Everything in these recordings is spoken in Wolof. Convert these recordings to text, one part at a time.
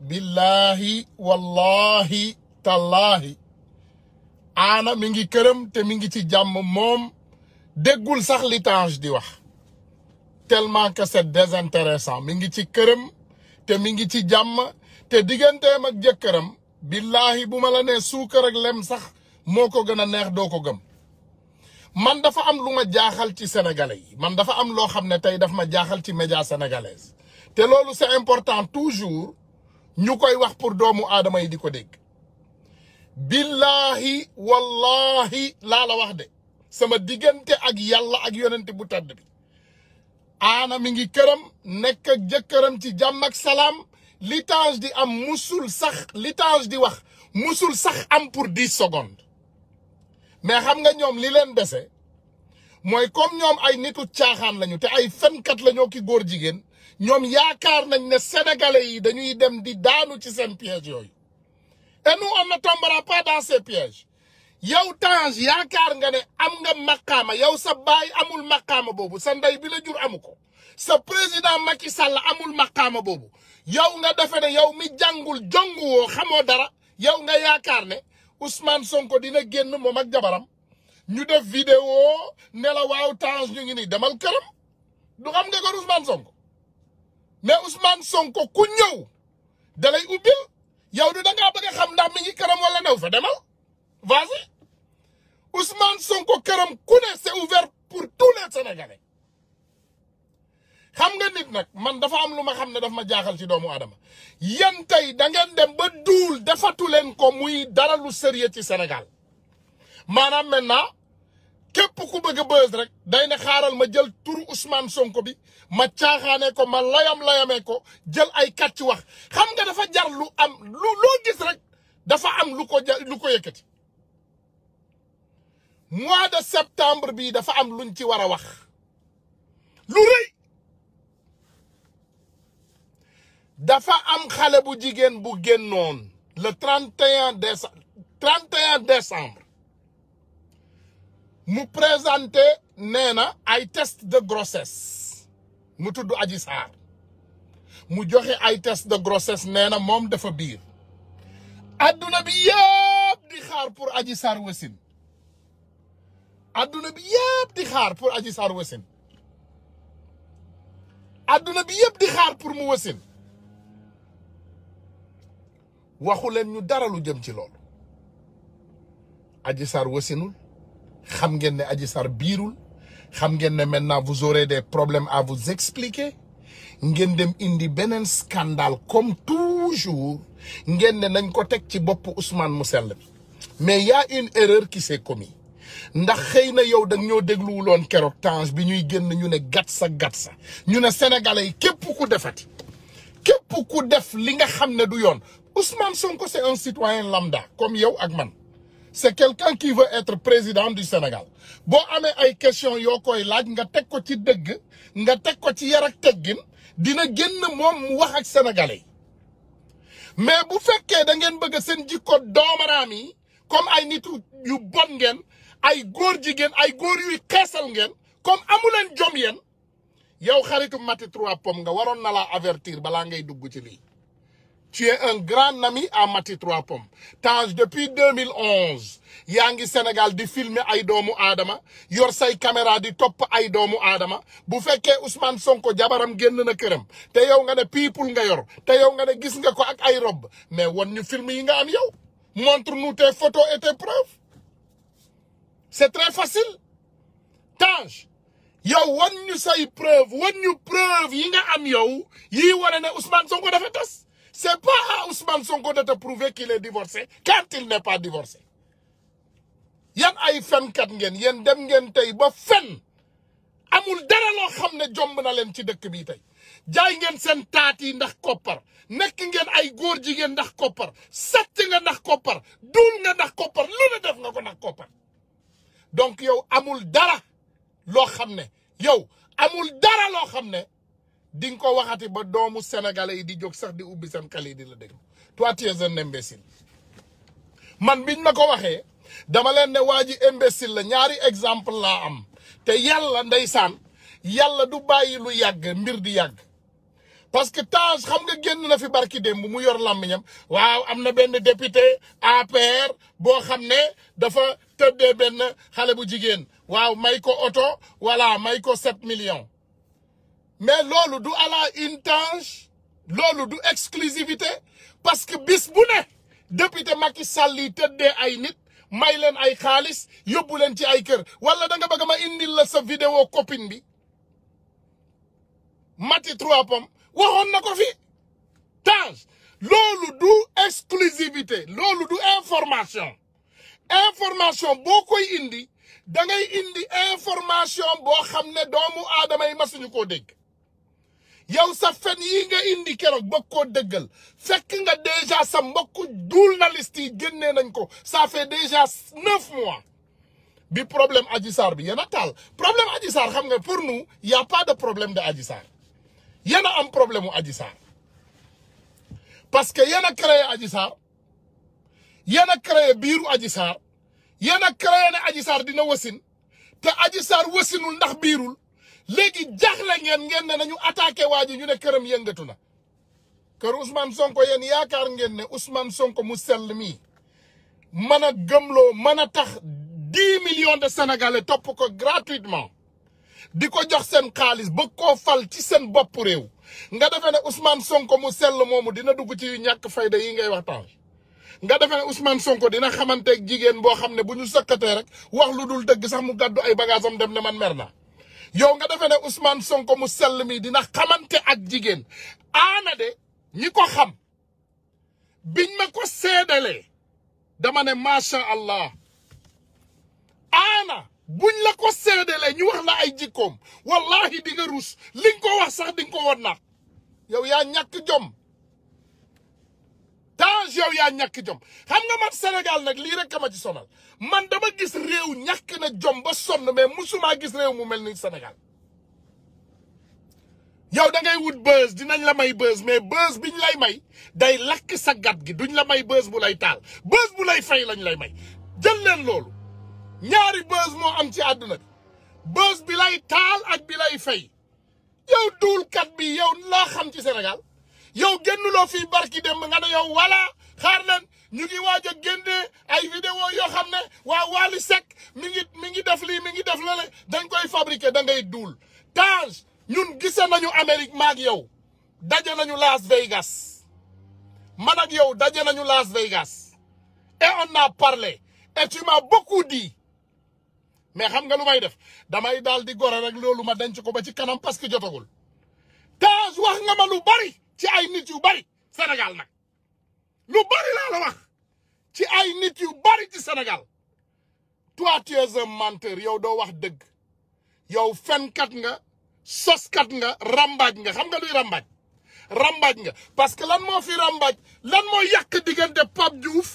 billaahi wallaahi tallaahi aana mi ngi këram te mi ngi ci jàmm moom déggul sax li di wax tellement que c'est mi ngi ci këram te mi ngi ci jàmm te digganteem ak jëkkëram billaahi bu ma la nee suukar ak lem sax moo ko gën a neex doo ko gëm man dafa am lu ma jaaxal ci sénégalais yi man dafa am loo xam ne tey daf ma jaaxal ci média sénégalaise te loolu c'est important toujours ñu koy wax pour doomu aadama yi di ko dégg billaahi wallaahi laa la wax de sama diggante ak yàlla ak yonente bu tàdd bi aana mi ngi këram nekk ak jëkkëram ci jàmm ak salaam litange di am musul sax litange di wax musul sax am pour di secondes mais xam nga ñoom li leen dese mooy comme ñoom ay nitu caaxaan lañu te ay fenkat lañoo ki góor jigéen ñoom yaakaar nañ ne sénégalais yi dañuy dem di daanu ci seen piège yooyu et am na ne tombera pas dans ces pièges yow Tange yaakaar nga ne am nga maqaama yow sa baay amul maqaama boobu sa ndey bi la jur amu ko sa président Macky Sall amul maqaama boobu yow nga defe ne yow mi jàngul jonguwoo xamoo dara yow nga yaakaar ne Ousmane Sonko dina génn moo mag jabaram ñu def vidéo ne la waaw Tange ñu ngi nii demal këram du xam nga ko Ousmane Sonko mais Ousmane Sonko ku ñëw da ubbil yow di da ngaa a xam ndax mi ngi këram wala new fa demal vas-y Ousmane Sonko këram ku ne c'est ouvert pour tous les Sénégalais xam nga nit nag man dafa am lu ma xam ne daf ma jaaxal ci doomu Adama yan tey da dem ba duul defatu leen ko muy dara lu sérieux ci senegal maanaam maintenant. képp ku bëgg a bës rek day ne xaaral ma jël turu Ousmane Sonko bi ma caaxaanee ko ma layam layamee ko jël ay ci wax xam nga dafa jar lu am lu loo gis rek dafa am lu ko lu ko yëkkati mois de septembre bii dafa am luñ ci war a wax lu rëy dafa am xale bu jigéen bu génnoon le 31 décembre 31 décembre mu présenté nee na ay test de grossesse mu tudd Adji Sarr mu joxe ay test de grossesse nee na moom dafa biir adduna bi yëpp di xaar pour Adji Sarr wasin adduna bi yëpp di xaar pour bi yëpp pour mu wasin waxu leen ñu dara lu jëm ci loolu Adji Sarr wasinul xam ngeen ne aji sar biirul xam ngeen ne maintenant vous aurez des problèmes à vous expliquer ngeen dem indi beneen scandale comme toujours ngeen ne nañ ko teg ci bopp Ousmane mu sell bi mais y une erreur qui s'est ndax xëy na yow dag ñoo dégluwuloon keroog temps bi ñuy génn ñu ne gat sa gat sa ñu ne sénégalais yi képp ku defati képp ku def li nga xam ne du yoon Ousmane Sonko c'est un citoyen lambda comme yow ak man c'est quelqu'un qui veut être président du Sénégal boo amee ay question yoo koy laaj nga teg ko ci dëgg nga teg ko ci yar ak teggin dina génn moom mu wax ak sénégalais mais bu fekkee da ngeen bëgg seen jikko doomaraam yi comme ay nit yu bon ngeen ay góor jigéen ay góor yuy xeesal ngeen comme amuleen jom yeen yow xaritu Mati trois Pommes nga waroon na laa avertir balaa ngay dugg ci lii tu es un grand ami à Mati Trois Pommes Tange depuis 2011 yaa ngi Sénégal di filmer ay doomu aadama yor say caméra di topp ay doomu aadama bu fekkee Ousmane Sonko jabaram génn na këram te yow nga ne people nga yor te yow nga ne gis nga ko ak ay rob mais wan ñu film yi nga am yow montre nous tes photos et tes preuves c'est très facile Tange yow won ñu say preuve won ñu preuve yi nga am yow yii wane ne Ousmane Sonko dafa tas C'est pas à Ousmane Sonko de te prouver qu'il est divorcé quand il n'est pas divorcé. yan ay fenkat ngeen yéen dem ngeen tey ba fen amul dara loo xam ne jomb na leen ci dëkk bi tey jaay ngeen seen taat yi ndax koppar nekk ngeen ay góor jigéen ndax koppar sàcc nga ndax koppar duul nga ndax koppar lu ne def nga ko ndax koppar donc yow amul dara loo xam ne yow amul dara loo xam ne di nga ko waxati ba doomu sénégalais yi di jóg sax di ubbi seen xel yi di la déglu toi tu es un man biñ na ko waxee dama leen ne waa ji imbécile la ñaari exemple laa am te yàlla ndeysaan yàlla du bàyyi lu yàgg mbir di yàgg parce que Tange xam nga génn na fi barki démb mu yor làmmiñam waaw am na benn député APR boo xam ne dafa tëddee benn xale bu jigéen waaw may ko oto voilà may ko sept million mais loolu du à la une tâche loolu du exclusivité parce que bis bu ne député Macky Sall salli tëddee ay nit may leen ay xaalis yóbbu leen ci ay kër wala da nga bëgg ma indil la sa vidéo copine bi Mati trois pommes waxoon na ko fi tâche loolu du exclusivité loolu du information information boo koy indi da ngay indi information boo xam ne doomu aadama yi masuñu koo dégg yow sa fen yi nga indi keroog bokkoo dëggal fekk nga déjà sa mbokku journaliste yi génnee nañ ko ça fait déjà neuf mois bi problème Adji Sarr bi yéen a problème Adji Sarr xam nga pour nous y pas de problème de Adji Sarr yéen a am problème mu Adji Sarr parce que yéen a créé Adji Sarr yéen biiru Adji Sarr yéen a créé ne Adji dina wasin te Adji Sarr wasinul ndax biirul léegi jaaxle ngeen ngeen ne nañu attaqué waa ji ñu ne këram yëngatu na kër Ousmane Sonko yéen yaakaar ngeen ne Ousmane Sonko mu sell mii mën a gëmloo mën a tax dix millions de sénégalais topp ko gratuitement di ko jox seen xaalis bëgg koo fal ci seen bopp réew nga defee ne Ousmane Sonko mu sell moomu dina dugg ci yu ñàkk fayda yi ngay waxtaan nga defee ne Ousmane Sonko dina xamanteeg jigéen boo xam ne bu ñu sëkkatee rek wax lu dul dëgg sax mu gàddu ay bagaasam dem ne man mer yow nga defee ne Ousmane Sonko mu sell mi dina xamante ak jigéen aana de ñi ko xam biñ ma ko seedalee dama ne macha allah aana buñ la ko seedalee ñi wax la ay jikkoom wallahi di nga rus liñ ko wax sax ko war na yow yaa ñàkk jom dange yow yaa ñàkk jom xam nga man Sénégal nag lii rek ma ci sonal man dama gis réew ñàkk na jom ba sonn mais musuma gis réew mu mel ni Sénégal yow dangay wut buzz dinañ la may buzz mais buzz biñ lay may day lakk sa gat gi duñu la may buzz bu lay taal buzz bu lay fay lañu lay may jël leen loolu ñaari buzz moo am ci àdduna bi buzz bi lay taal ak bi lay fay yow duulkat bi yow laa xam ci Sénégal yow génnuloo fii barki dem nga ne yow voilà xaar leen ñu ngi waaj a génne ay vidéo yoo xam ne waa Wally Seck mi ngi mi ngi def lii mi ngi def lale dañ koy fabriquer da ngay duul Tange ñun gise nañu Amérique maag yow daje nañu Las Vegas man ak yow daje nañu Las Vegas et on a parlé et tu m'as beaucoup dit mais xam nga lu may def damay daal di gore rek loolu ma denc ko ba ci kanam parce que jotagul Tange wax nga ma lu bari ci ay nit yu bari senegal nag lu bari laa la wax ci ay nit yu bari ci senegal toi tu es un yow doo wax dëgg yow fenkat nga soskat nga rambaaj nga xam nga luy rambaaj rambaaj nga parce que lan moo fi rambaaj lan moo yàq diggante Pape Diouf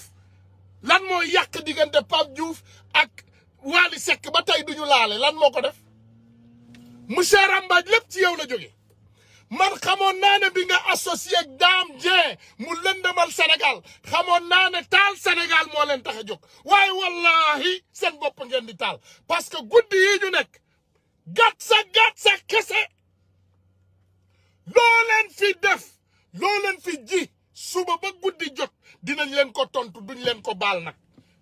lan moo yàq diggante Pape juuf ak Wally Seck ba tey duñu laale lan moo ko def monsieur rambaaj lépp ci yow la jóge man xamoon naa ne bi nga associé ak Dame Dieng mu lëndëmal Sénégal xamoon naa ne taal senegal moo leen tax a jog waaye wallahi seen bopp ngeen di taal parce que guddi yi ñu nekk gàtt sa gàtt sa kese loo leen fi def loo leen fi ji suba ba guddi jot dinañ leen ko tontu duñ leen ko baal nag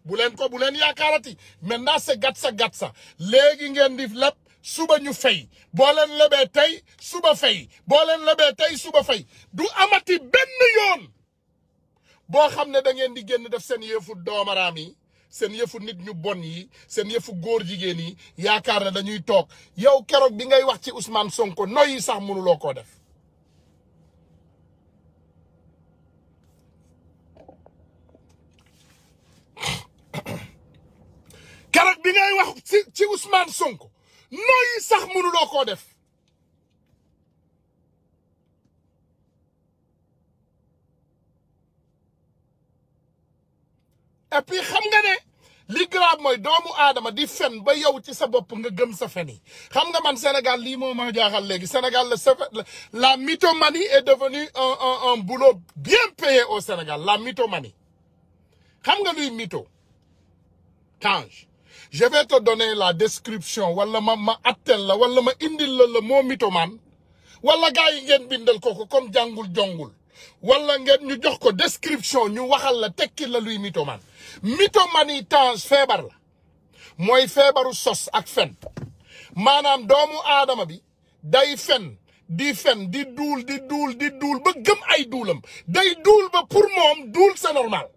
bu leen ko bu leen yaakaarati maintenant c'est gàtt sa gàtt sa léegi ngeen di lépp suba ñu fay boo leen lebee tey suba fay booleen leen lebee tey suba fay du amati benn yoon boo xam ne da ngeen di génn def seen yëfu doomaraam yi seen yëfu nit ñu bon yi seen yëfu góor jigéen yi yaakaar ne dañuy toog yow keroog bi ngay wax ci usmaan Sonko noyyi sax mënuloo koo def keroog bi Sonko nooyi sax mënuloo koo def et puis xam nga ne li grave mooy doomu aadama di fen ba yow ci sa bopp nga gëm sa fen yi xam nga man Sénégal lii moo ma jaaxal léegi Sénégal la la mythomanie est devenue un un un boulot bien payé au Sénégal la mythomanie xam nga luy mytho Tange je vais te donner la description wala ma ma attel la wala ma indil la moo mythomane wala gars yi ngeen bindal ko comme jàngul jongul walla ngeen ñu jox ko description ñu waxal la tekki la luy mythomane mythomane yi tange feebar la mooy feebaru sos ak fen maanaam doomu aadama bi day fen di fen di duul di duul di duul ba gëm ay duulam day duul ba pour moom duul c'est normal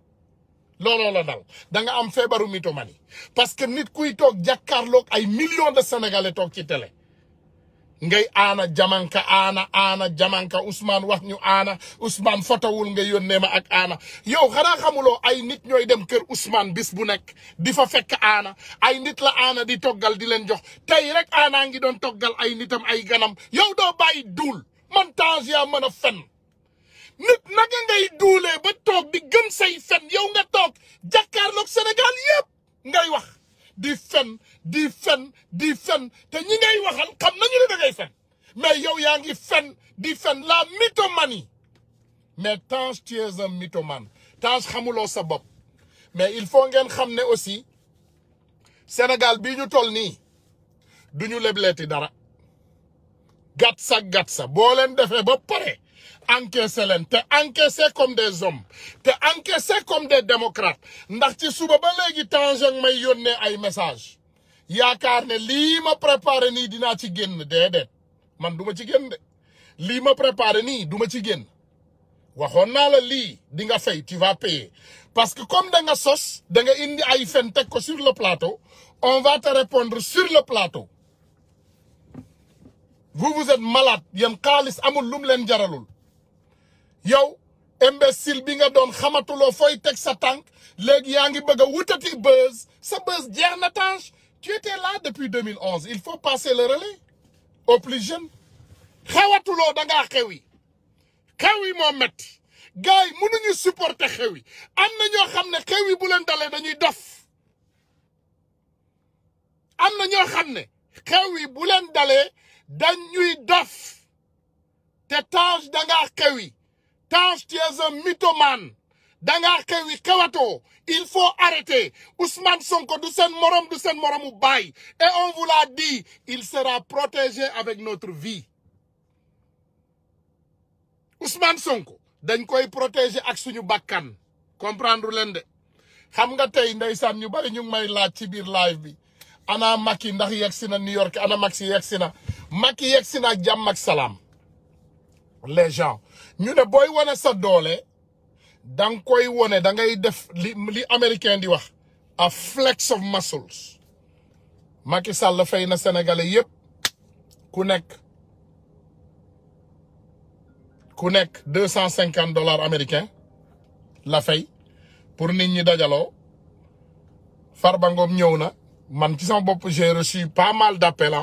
looloo dal da nga am feebaru mythomanie parce que nit kuy toog jàkkaarloog ay million de sénégalais toog ci télé ngay aana jamanka aana aana jamanka Ousmane wax ñu aana Ousmane fotowul nga yónnee ma ak aana yow xanaa xamuloo ay nit ñooy dem kër Ousmane bis bu nekk di fa fekk aana ay nit la aana di toggal di leen jox tey rek aana ngi doon toggal ay nitam ay ganam yow doo bàyyi duul man temps mën a fen nit naka ngay Tange tu es un xamuloo sa bopp mais il faut ngeen xam ne aussi Sénégal bii ñu toll nii du ñu lebleeti dara gàtt sa gàtt sa boo leen defee ba pare encaissé leen te encaissé comme des hommes te encaissé comme des démocrates ndax ci suba ba léegi Tange ak may yónnee ay message yaakaar ne lii ma préparé nii dinaa ci génn déedéet man duma ci génn de lii ma préparé nii duma ci génn waxoon naa la lii di nga fay tu vas parce que comme da nga sos danga indi ay fen teg ko sur le plateau on va te répondre sur le plateau vous vous êtes malade yéen amul lum leen jaralul yow imbécile bi nga doon xamatuloo fooy teg sa tànk léegi yaa ngi bëgg a wutati buzz sa buzz jeex na Tange tu étais là depuis 2011 il faut passer le relais au plus jeune da ngaa xewi xew yi moo metti yi mënuñu supporter xew yi am na ñoo xam ne xew yi bu leen dalee dañuy am na ñoo xam ne xew yi bu leen dalee dañuy dof te Tange dangaa xew yi Tange tu es un mythomane dangaa xew yi il faut arrêter Ousmane Sonko du seen morom du seen moromu baay et on vous l'a dit il sera protégé avec notre vie Ousmane Sonko dañ koy protéger ak suñu bakkan comprendre leen de xam nga tey ndeysaan ñu bari ñu may laaj ci biir live bi ana yi ndax yegg si na New York ana Macky yegg si na Macky yegg si na ak jàmm ak salaam les ñu ne booy wane sa doole da koy wane da ngay def li li américain di wax a flex of muscles Macky Sall fay na sénégalais yépp ku nekk ku nekk deux cent cinquante dollars américain la fay pour nit ñi dajaloo Farba Ngom ñëw na man ci sama bopp j'ai reçu pas mal d'appels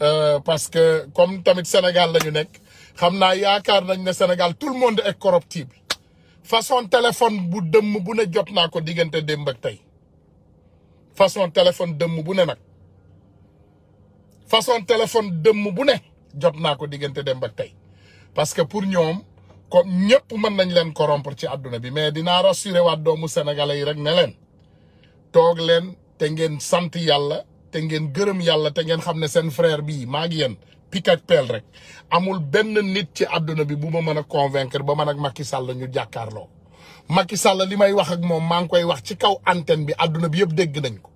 euh, parce que comme tamit Sénégal la ñu nekk xam naa yaakaar nañ ne Sénégal tout le monde est corruptible façon téléphone bu dëmm bu ne jot naa ko diggante démb ak tey façon téléphone dëmm bu ne nag façon téléphone dëmm bu ne jot naa ko diggante démb ak tey parce que pour ñoom comme ñëpp mën nañ leen ko corrompre ci àdduna bi mais dinaa rassurer waat doomu sénégalais yi rek ne leen toog leen te ngeen sant yàlla te ngeen gërëm yàlla te ngeen xam ne seen frère bii maa ngi yéen picc ak peel rek amul benn nit ci àdduna bi bu ma mën a convaincre ba mën ak Macky sàll ñu jàkkaarloo Macky Sall li may wax ak moom maa ngi koy wax ci kaw antenne bi àdduna bi yëpp dégg nañ ko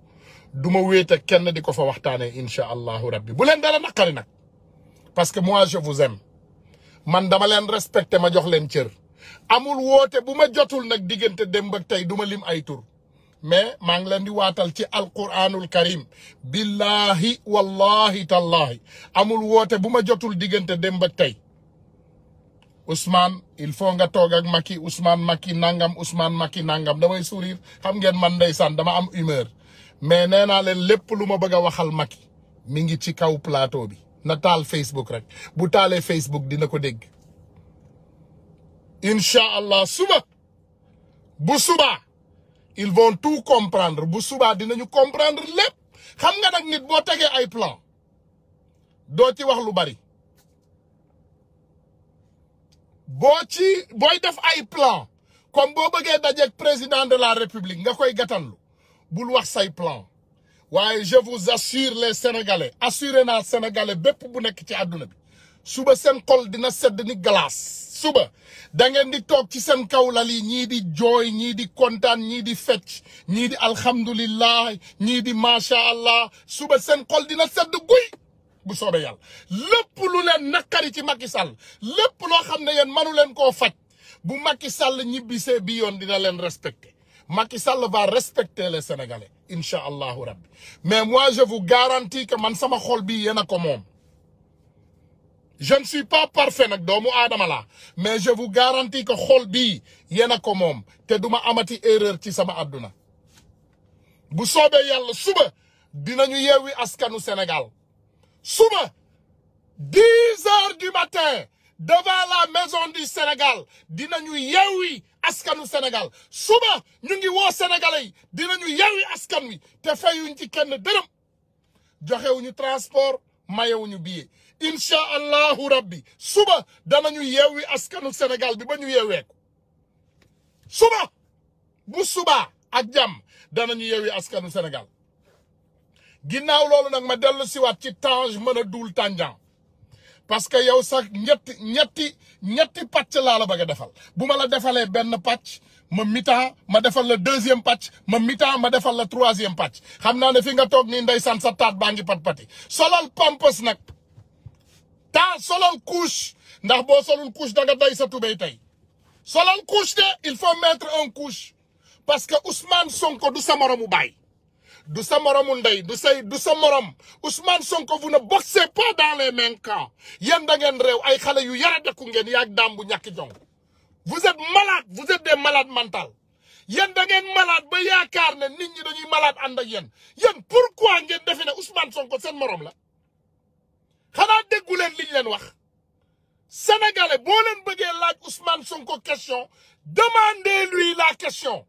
du ma wéet ak kenn di ko fa waxtaanee incha allahu rabbi bu leen dara naqari nag parce que moi je vous man dama leen respecté ma jox leen cër amul woote bu ma jotul nag diggante démb ak tey du ma lim ay tur mais maa ngi leen di waatal ci alquranul karim billahi wallahi tallahi amul woote bu ma jotul diggante démb ak tey Ousmane il faut nga toog ak Macky Ousmane Macky nangam Ousmane Macky nangam damay sourire xam ngeen man ndeysaan dama am humeur mais nee naa leen lépp lu ma bëgg a waxal Macky mi ngi ci kaw plateau bi na taal Facebook rek bu taalee Facebook dina ko dégg incha allah suba bu subaa il vont tout comprendre bu subaa dinañu comprendre lépp xam nga nag nit boo tegee ay plan doo ci wax lu bari boo ci booy def ay plan comme boo bëggee dajeeg président de la république nga koy gatanlu bul wax say plan waaye je vous assure les sénégalais assuré naa sénégalais bépp bu nekk ci àdduna bi suba seen xol dina sedd ni glace suba da ngeen di toog ci seen kaw lal ñii di jooy ñii di kontaan ñii di fecc ñii di alhamdulillah ñii di macha allah suba seen xol dina sedd guy bu soobee yàlla lépp lu leen nakkari ci Macky Sall lépp loo xam ne yéen manu leen koo faj bu Macky Sall ñibbisee bi yoon dina leen respecté Macky Sall va respecter les sénégalais. incha allahu rabbi mais moi je vous garantis que man sama xol bii yéen ko moom je ne suis pas parfait nag doomu aadama laa mais je vous garantis que xol bii yéen a ko moom te duma amati erreur ci sama adduna bu soobee yàlla suba dinañu yeewi askanu Sénégal suba dix heures du matin devant la maison senegal dina dinañu yewwi askanu senegal suba ñu ngi woo sénégalais yi dinañu yewwi askan wi te fayuñ ci kenn dërëm joxewuñu transport mayewuñu billet incha allahu rabbi suba dana danañu yewwi askanu Sénégal bi ba ñu yeweeku suba bu suba ak jàmm danañu yewwi askanu Sénégal ginnaaw loolu nag ma dellu siwaat ci Tange mën a duul tànjan parce que yow sax ñetti ñetti ñetti pàcc laa la bëgg a defal bu ma la defalee benn pàcc ma mitan ma defal la deuxième pàcc ma mitan ma defal la troisième pàcc xam naa ne fi nga toog nii ndeysaan sa taat baa ngi pat pati solal pampes nag taa solal couche ndax boo solul couche da nga day sa tubéy tey solal couche de il faut mettre un couche parce que Ousmane Sonko du sa moromu baay du sa moromu ndey du say du sa morom Ousmane Sonko vous ne boxez pas dans les mêmes cas yéen ngeen réew ay xale yu yaa deku ngeen yaag daam bu ñàkk jong vous set malade vous êtes des malades mentales yéen da ngeen malade ba yaakaar ne nit ñi dañuy malaat ànd ak yen yéen pourquoi ngeen defe ne Ousmane Sonko seen morom la xanaa déggu leen liñ leen wax sénégalais boo leen bëggee laaj Ousmane Sonko question demandez-lui la question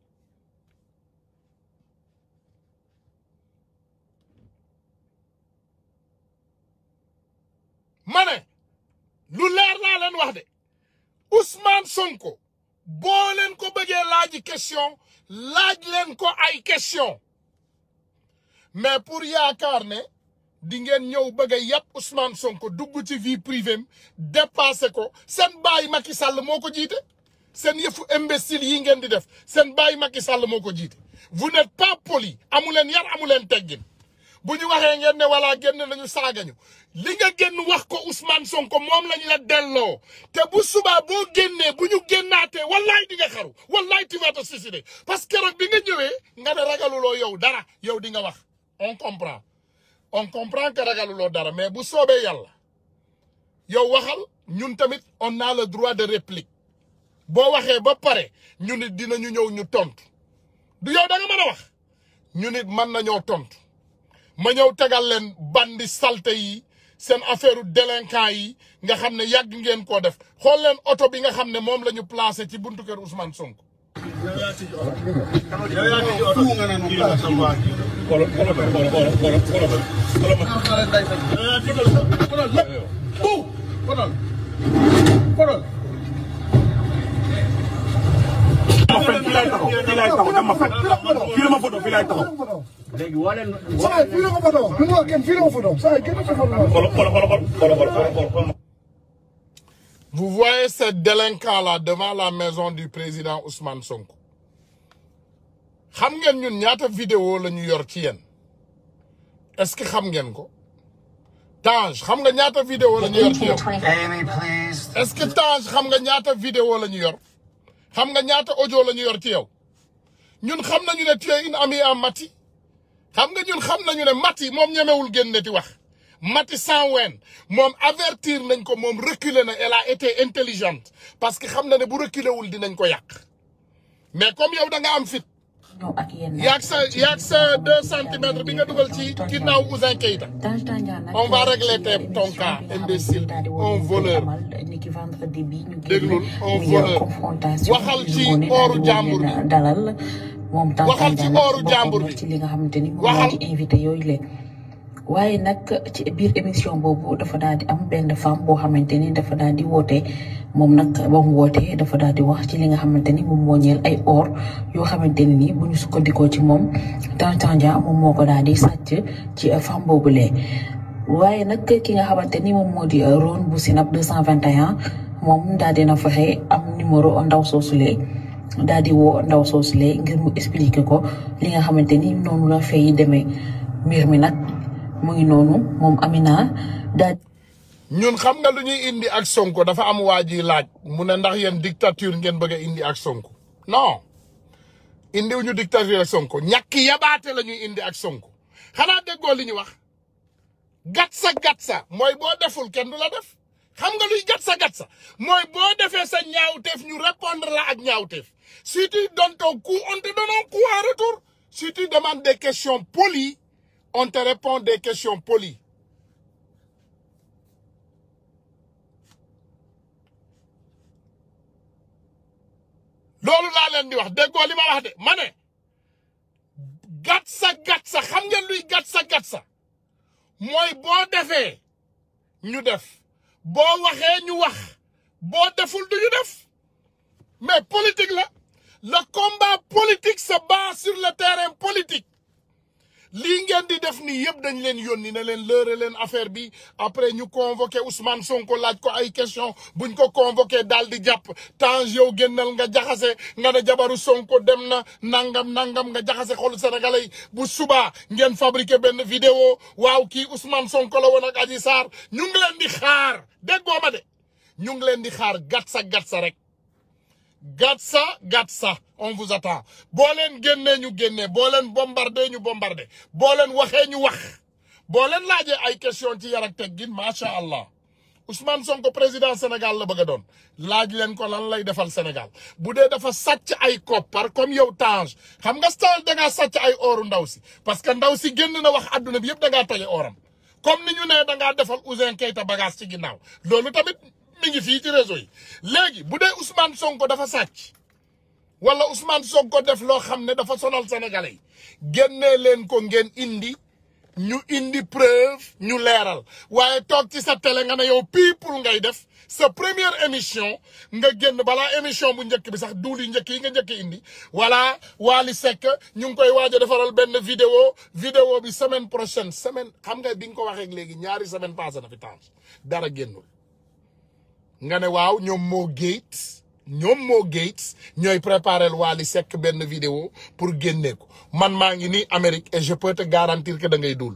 ma ne lu leer laa leen wax de Ousmane Sonko boo leen ko bëggee laaj question laaj len ko ay question mais pour yaakaar ne di ngeen ñëw bëgg a yàpp Ousmane Sonko dugg ci vie privée am dépassé ko seen baay Macky Sall moo ko jiite seen yëfu imbécile yi ngeen di def seen baay makki Sall moo ko jiite vous n'êtes pas poli amu leen yar amu leen teggin bu ñu waxee ngeen ne wala génn nañu saagañu li nga génn wax ko Ousmane Sonko moom lañu la delloo te bu subaa boo génnee bu ñu génnaatee wallaay di nga xaru wallaay tu vas te suicider parce que rek bi nga ñëwee nga ne ragaluloo yow dara yow di nga wax on comprend on comprend que ragaluloo dara mais bu soobee yàlla yow waxal ñun tamit on a le droit de réplique boo waxee ba pare ñu nit dinañu ñëw ñu tontu du yow da mën a wax ñu nit mën nañoo tontu. ma ñëw tegal leen bandi salte yi seen affaire u yi nga xam ne yàgg ngeen koo def xool leen oto bi nga xam ne moom lañu ñu ci buntu kër Ousmane Sonko. fii la léegi waa leen. saa fii la ko photo bu ma kenn fii la ko photo saa kenn du ko photo. Vous voyez ce délinquant devant la maison du président Ousmane Sonko. xam ngeen ñun ñaata vidéo la ñu yor ci yéen est-ce que xam ngeen ko Tange xam nga ñaata vidéo la ñu yor ci est-ce que Tange xam nga ñaata vidéo la ñu yor xam nga ñaata audio la ñu yor ci yow ñun xam nañu ne tu es Mati xam nga ñun xam nañu ne Maty moom ñemewul génne di wax Maty Sanwén moom avertir nañ ko moom reculer na elle a été intelligent parce que xam na ne bu reculer wul dinañ ko yàq mais comme yow da nga am fit yaag sa yaag sa deux centimètres bi nga dugal ci ginnaaw Ouzin Keïta on va régler te ton cas imbécile un voleur déglul un voleur waxal ci ooru jàmbur bi moom waxal ci ooru jàmbur ci li nga xamante ni moo di invité yooyu leen waaye nag ci biir émission boobu dafa daal di am benn femme boo xamante ni dafa daal di woote moom nag ba wootee dafa daal di wax ci li nga xamante ni moom moo ñeel ay or yoo xamante ne nii bu ñu sukkandikoo ci moom Tantandia moom moo ko daal di sàcc ci euh, femme boobu lee waaye nag ki nga xamante ni moom moo di euh, Rone bu Sinapp 221 moom daal dina fexe am numéro ndaw soosulee daal di woo ndaw soosule ngir mu expliquer ko li nga xamante ni noonu la fay demee mbir mi nag mu ngi noonu moom Amina daal ñun xam nga lu ñuy indi ak Sonko dafa am waa ji laaj mu ne ndax yéen dictature ngeen bëgg indi ak Sonko non indiw ñu dictature ak Sonko ñàkk yabaate la ñuy indi ak Sonko xanaa déggoo li ñu wax gat sa gat sa mooy boo deful kenn du la def xam nga luy gat sa gat sa mooy boo defee sa ñaawteef ñu répondre la ak ñaawteef si tu donnes ton coup on te donne un coup en retour si tu demandes des questions polies on loolu laa leen di wax déggoo li ma wax de ma ne gat sa xam ngeen luy gat sa mooy boo defee ñu def boo waxee ñu wax boo deful du ñu def mais politique la le combat politique se bat sur le terrain politique lii ngeen di def nii yëpp dañ leen yónni ne leen lëre leen affaire bi après ñu convoqué Ousmane Sonko laaj ko ay question buñ ko convoqué daal di jàpp Tange yow génnal nga jaxase nga ne jabaru Sonko dem na nangam nangam nga jaxase xolu sénégalais bu subaa ngeen fabriqué benn vidéo waaw kii Ousmane Sonko la woon ak Adji Sarr ñu ngi leen di xaar déggoo ma de ñu ngi leen di xaar gatsa gatsa rek. Gatsa Gatsa on vous attend boo leen génnee ñu génne boo leen bombardé ñu bombarde boo leen waxee ñu wax boo leen laajee ay question ci yar ak teggin macha allah Ousmane Sonko président Sénégal la bëgg doon laaj leen ko lan lay defal Sénégal bu dee dafa sàcc ay koppar comme yow Tange xam nga Tange dangaa sàcc ay ooru ndaw si parce que ndaw si génn na wax adduna bi yëpp dangaa tege ooram comme ni ñu nee dangaa defal Ouzin Keita bagage ci ginnaaw loolu tamit. mi ngi fii ci réseau yi léegi bu dee Ousmane ko dafa sàcc wala Ousmane Sonko def loo xam ne dafa sonal sénégalais yi génnee leen ko ngeen indi ñu indi preuve ñu leeral waaye toog ci sa télé nga ne yow pour ngay def sa première émission nga génn balaa émission bu njëkk bi sax duul yi njëkk yi nga njëkk indi voilà Wally Seck ñu ngi koy waaja a defaral benn vidéo vidéo bi semaine prochaine semaine xam nga bi nga ko waxee léegi ñaari semaine passé na fi temps dara génnul nga ne waaw ñoom moo Gates ñoom moo Gates ñooy préparer Wally Seck benn vidéo pour génne ko man maa ngi ni Amérique et je peux garantir que da ngay duul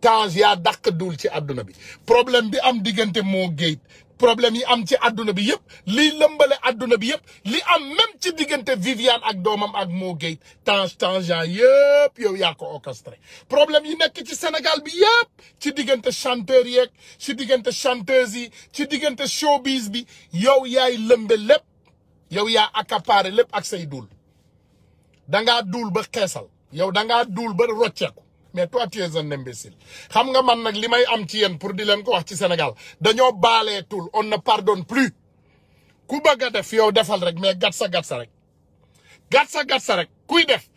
Tange yaa dàq duul ci àdduna bi problème bi am diggante moo Gates problème yi am ci àdduna bi yëpp li lëmbale àdduna bi yëpp li am même ci diggante Viviane ak doomam ak Mo Gates tange tangeant yëpp yow yaa ko orchestré problème yi nekk ci senegal bi yëpp ci diggante chanteur yeeg ci diggante chanteuse yi ci diggante showbiz bi yow yaay lëmbe lépp yow yaa accaparé lépp ak say duul dangaa duul ba xeesal yow dangaa duul ba rocceeku mais toi tu es un imbécile xam nga man nag li may am ci yéen pour di leen ko wax ci senegal dañoo baaleetul on ne pardonne plus ku bëgg a def yow defal rek mais gat sa gat sa rek gat sa gat rek kuy def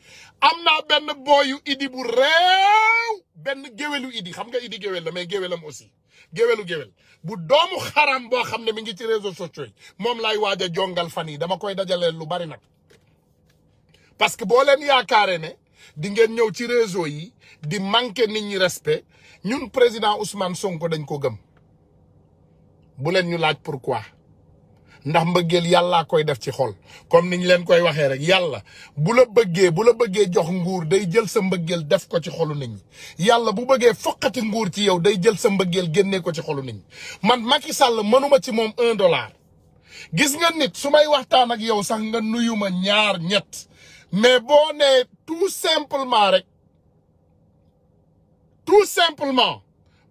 am na benn booyu idi bu réew benn géwélu idi xam nga idi géwél la mais géwélam aussi géwélu géwél bu doomu xaram boo xam ne mi ngi ci réseaux sociaux moom laay waaj a jongal fan yi dama koy dajaleel lu bari nag parce que boo leen yaakaaree ne di ngeen ñëw ci réseau yi di manquer nit ñi respect ñun président Ousmane Sonko dañ ko gëm bu leen ñu laaj pour pourquoi ndax mbëggeel yàllaa koy def ci xol comme niñ leen koy waxee rek yàlla bu la bëggee bu la bëggee jox nguur day jël sa mbëggeel def ko ci xolu nit ñi yàlla bu bëggee foqati nguur ci yow day jël sa mbëggeel génnee ko ci xolu nit man mag Macky sàll mënuma ci moom un dollar gis nga nit su may waxtaan ak yow sax nga nuyu ma ñaar ñett mais boo nee tout simplement rek tout simplement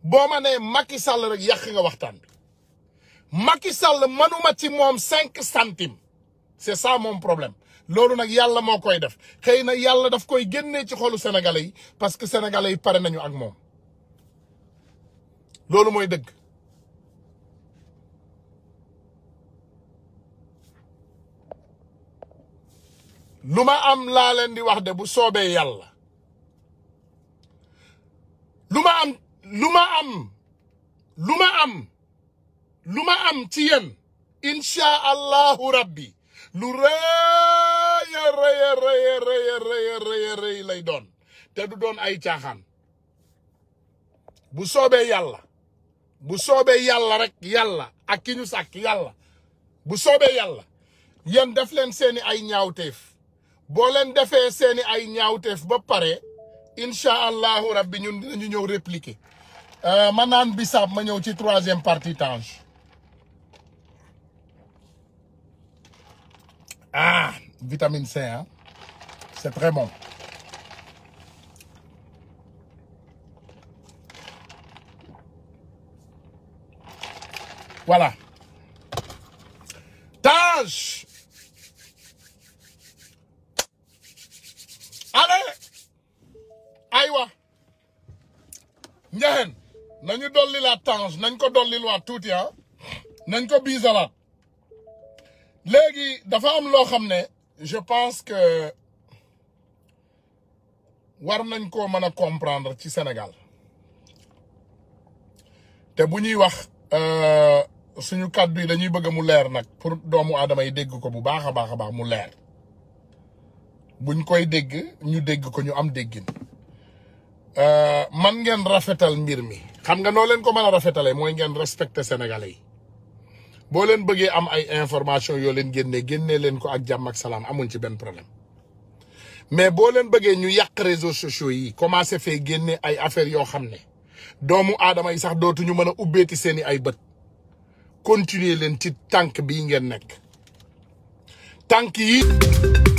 boo ma nee Macky Sall rek yàq nga waxtaan bi Macky Sall manuma ci moom cinq centimes c'est ça moom problème loolu nag yàlla moo koy def xëy na yàlla daf koy génnee ci xolu sénégalais yi parce que sénégalais yi pare nañu ak moom loolu mooy dëgg lu ma am laa leen di wax de bu soobee yàlla lu ma am lu ma am lu ma am lu ma am ci yéen incha allahu rabbi lu rëy a rëy a rëy a rëy a rëy a rëy a rëy lay doon te du doon ay caaxaan bu soobee yàlla bu soobee yàlla rek yàlla ak ki ñu sàkk yàlla bu soobee yàlla yéen def leen seeni ay ñaawteef boo leen defee seeni ay ñaawteef ba pare incha allahu rabbi ñun ñu ñëw répliquer euh, ma naan bisaab ma ñëw ci troisième partie Tange ah vitamine C c'est très bon voilà Tange allez aywa njaxeen nañu dolli laat Tange nañ ko dollil waat tuuti ah nañ ko biisalaat léegi dafa am loo xam ne je pense que war nañ koo mën a comprendre ci Sénégal te bu ñuy wax euh, suñu kàddu yi dañuy bëgg mu leer nag pour doomu aadama yi dégg ko bu baax a baax a baax mu leer buñ koy dégg ñu dégg ko ñu am déggin euh, man ngeen rafetal mbir mi xam nga noo leen ko mën a rafetalee mooy ngeen respecté sénégalais yi boo leen bëggee am ay information yoo leen génnee génnee leen ko ak jàmm ak salaam amuñ ci benn problème mais boo leen bëggee ñu yàq réseaux sociaux yi commencé fee génnee ay affaire yoo xam ne doomu aadama yi sax dootuñu mën a ubbeeti seeni ay bët continuer leen ci tànk bii ngeen nekk tànk yi